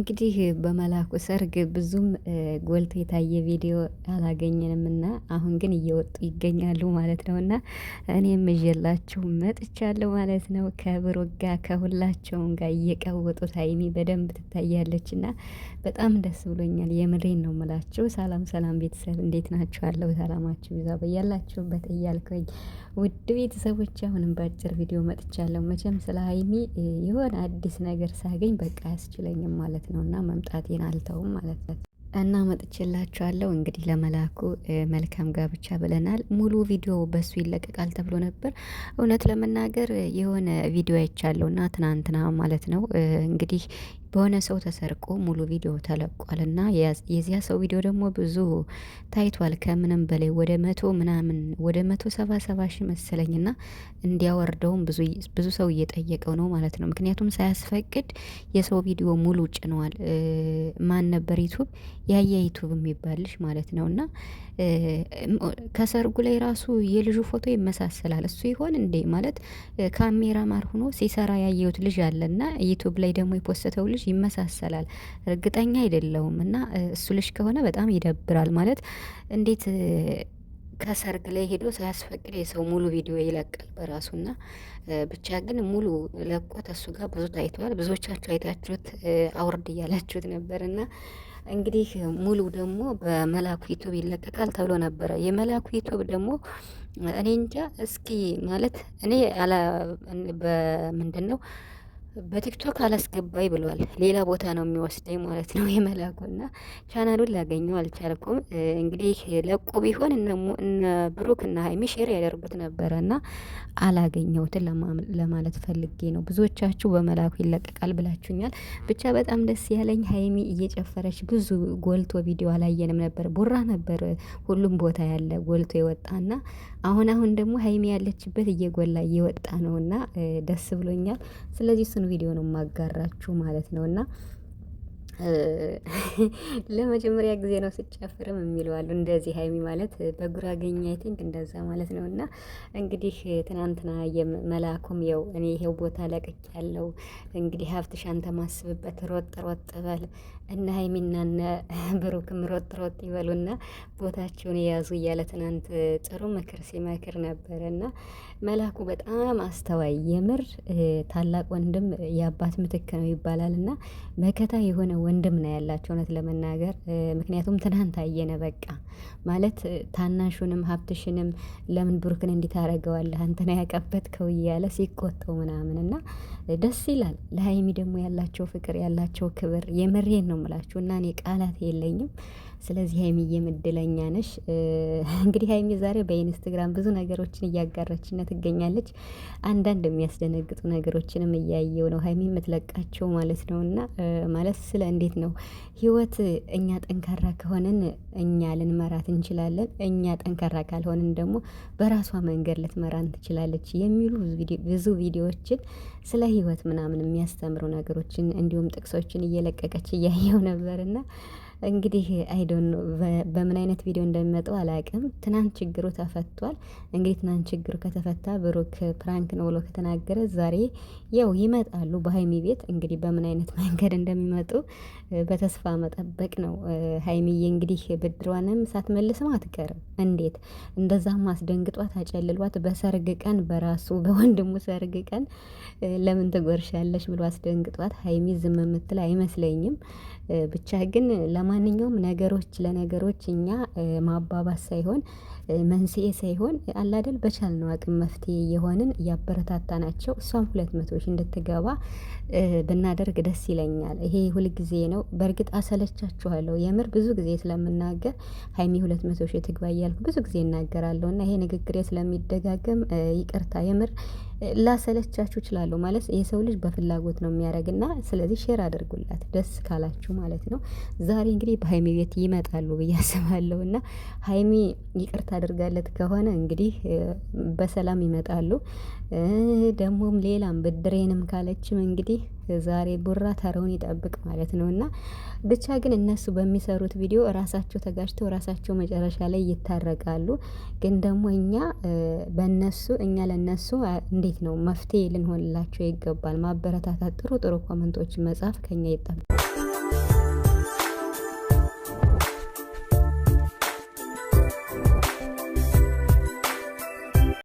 እንግዲህ በመላኩ ሰርግ ብዙም ጎልቶ የታየ ቪዲዮ አላገኘንምና አሁን ግን እየወጡ ይገኛሉ ማለት ነው። እና እኔም ይዤላችሁ መጥቻለሁ ማለት ነው። ከብሩክ ጋር ከሁላቸውም ጋር እየቀወጡት ሀይሚ በደንብ ትታያለች እና በጣም ደስ ብሎኛል። የምሬን ነው ምላችሁ። ሰላም ሰላም ቤተሰብ እንዴት አለው ሰላማችሁ ይዛ በያላችሁበት እያልኩኝ ውድ ቤተሰቦች አሁንም በአጭር ቪዲዮ መጥቻለሁ። መቼም ስለ ሀይሚ የሆነ አዲስ ነገር ሳገኝ በቃ አያስችለኝም ማለት ነው። ነው እና መምጣቴን አልተውም ማለት ነው። እና መጥቼላችኋለሁ። እንግዲህ ለመላኩ መልካም ጋብቻ ብለናል። ሙሉ ቪዲዮ በሱ ይለቀቃል ተብሎ ነበር። እውነት ለመናገር የሆነ ቪዲዮ አይቻለሁ እና ትናንትና ማለት ነው እንግዲህ በሆነ ሰው ተሰርቆ ሙሉ ቪዲዮ ተለቋል እና የዚያ ሰው ቪዲዮ ደግሞ ብዙ ታይቷል። ከምንም በላይ ወደ መቶ ምናምን ወደ መቶ ሰባ ሰባ ሺ መሰለኝ ና እንዲያወርደውም ብዙ ሰው እየጠየቀው ነው ማለት ነው። ምክንያቱም ሳያስፈቅድ የሰው ቪዲዮ ሙሉ ጭነዋል። ማን ነበር ዩቱብ ያየ ዩቱብ የሚባልሽ ማለት ነው እና ከሰርጉ ላይ ራሱ የልጁ ፎቶ ይመሳሰላል። እሱ ይሆን እንዴ ማለት ካሜራ ማር ሆኖ ሲሰራ ያየሁት ልጅ አለና ዩቱብ ላይ ደግሞ የፖስተው ልጅ ልጅ ይመሳሰላል። እርግጠኛ አይደለውም እና እሱ ልጅ ከሆነ በጣም ይደብራል። ማለት እንዴት ከሰርግ ላይ ሄዶ ሳያስፈቅድ የሰው ሙሉ ቪዲዮ ይለቃል በራሱና ብቻ ግን ሙሉ ለቆት እሱ ጋር ብዙ ታይተዋል። ብዙዎቻችሁ አይታችሁት አውርድ እያላችሁት ነበርና እንግዲህ ሙሉ ደግሞ በመላኩ ዩቱብ ይለቀቃል ተብሎ ነበረ። የመላኩ ዩቱብ ደግሞ እኔ እንጃ እስኪ ማለት እኔ አላ በምንድን ነው በቲክቶክ አላስገባኝ ብሏል። ሌላ ቦታ ነው የሚወስደኝ ማለት ነው የመላኩ የመላኩና ቻናሉን ላገኘው አልቻልኩም። እንግዲህ ለቁ ቢሆን እነ ብሩክ እና ሀይሚ ሼር ያደርጉት ነበረ እና አላገኘሁትን ለማለት ፈልጌ ነው። ብዙዎቻችሁ በመላኩ ይለቀቃል ብላችሁኛል። ብቻ በጣም ደስ ያለኝ ሀይሚ እየጨፈረች ብዙ ጎልቶ ቪዲዮ አላየንም ነበር። ቡራ ነበር ሁሉም ቦታ ያለ ጎልቶ የወጣ የወጣና አሁን አሁን ደግሞ ሀይሚ ያለችበት እየጎላ እየወጣ ነው ነውና ደስ ብሎኛል። ስለዚህ እሱን ቪዲዮ ነው የማጋራችሁ ማለት ነው እና ለመጀመሪያ ጊዜ ነው ስጨፍርም የሚለው እንደዚህ ሀይሚ ማለት በጉራገኛ አይ ቲንክ እንደዛ ማለት ነው። እና እንግዲህ ትናንትና የመላኩም የው እኔ ይሄው ቦታ ለቅቅ ያለው እንግዲህ ሀብትሽ አንተ ማስብበት ሮጥ ሮጥ በል እና ሀይሚና እነ ብሩክም ሮጥ ሮጥ ይበሉና ቦታቸውን የያዙ እያለ ትናንት ጥሩ ምክር ሲመክር ነበር። እና መላኩ በጣም አስተዋይ የምር ታላቅ ወንድም የአባት ምትክ ነው ይባላል እና መከታ የሆነ ወንድም ነው ያላቸው እውነት ለመናገር ምክንያቱም ትናንት አየነ በቃ ማለት ታናሹንም ሀብትሽንም ለምን ብሩክን እንዲታረገዋለህ አንተና ከው እያለ ሲቆጠው ምናምን እና ደስ ይላል። ለሀይሚ ደግሞ ያላቸው ፍቅር ያላቸው ክብር የምሬን ነው ምላችሁ እና እኔ ቃላት የለኝም። ስለዚህ ሀይሚ የምድለኛ ነሽ። እንግዲህ ሀይሚ ዛሬ በኢንስትግራም ብዙ ነገሮችን እያጋራችን ትገኛለች። አንዳንድ የሚያስደነግጡ ነገሮችንም እያየው ነው ሀይሚ የምትለቃቸው ማለት ነው። እና ማለት ስለ እንዴት ነው ህይወት እኛ ጠንካራ ከሆንን እኛ ልንመራት እንችላለን። እኛ ጠንካራ ካልሆንን ደግሞ በራሷ መንገድ ልትመራን ትችላለች የሚሉ ብዙ ቪዲዮዎችን ስለ ህይወት ምናምን የሚያስተምሩ ነገሮችን እንዲሁም ጥቅሶችን እየለቀቀች እያየው ነበርና እንግዲህ አይዶን በምን አይነት ቪዲዮ እንደሚመጣው አላውቅም። ትናንት ችግሩ ተፈቷል። እንግዲህ ትናንት ችግሩ ከተፈታ ብሩክ ፕራንክ ነው ብሎ ከተናገረ ዛሬ ያው ይመጣሉ በሀይሚ ቤት። እንግዲህ በምን አይነት መንገድ እንደሚመጡ በተስፋ መጠበቅ ነው። ሀይሚዬ እንግዲህ ብድሯንም ሳትመልስም አትቀርም። እንዴት እንደዛም አስደንግጧት አጨልሏት፣ በሰርግ ቀን በራሱ በወንድሙ ሰርግ ቀን ለምን ትጎርሻለሽ ብሎ አስደንግጧት ሀይሚ ዝም የምትል አይመስለኝም። ብቻ ግን ለማንኛውም ነገሮች ለነገሮች እኛ ማባባስ ሳይሆን መንስኤ ሳይሆን አላደል በቻልነው አቅም መፍትሄ የሆንን እያበረታታ ናቸው። እሷም ሁለት መቶ ሺህ እንድትገባ ብናደርግ ደስ ይለኛል። ይሄ ሁልጊዜ ነው። በእርግጥ አሰለቻችኋለሁ። የምር ብዙ ጊዜ ስለምናገር ሀይሚ ሁለት መቶ ሺህ ትግባ እያልኩ ብዙ ጊዜ እናገራለሁ እና ይሄ ንግግሬ ስለሚደጋገም ይቅርታ የምር ላሰለቻችሁ እችላለሁ። ማለት የሰው ልጅ በፍላጎት ነው የሚያደርግና ስለዚህ ሼር አድርጉላት ደስ ካላችሁ ማለት ነው። ዛሬ እንግዲህ በሀይሚ ቤት ይመጣሉ ብዬ አስባለሁ እና ሀይሚ ይቅርታ አድርጋለት ከሆነ እንግዲህ በሰላም ይመጣሉ። ደግሞም ሌላም ብድሬንም ካለችም እንግዲህ ዛሬ ቡራ ተረውን ይጠብቅ ማለት ነው። እና ብቻ ግን እነሱ በሚሰሩት ቪዲዮ ራሳቸው ተጋጭተው ራሳቸው መጨረሻ ላይ ይታረቃሉ። ግን ደግሞ እኛ በነሱ እኛ ለነሱ እንዴት ነው መፍትሄ ልንሆንላቸው ይገባል። ማበረታታት፣ ጥሩ ጥሩ ኮመንቶች መጻፍ ከኛ ይጠበቃል።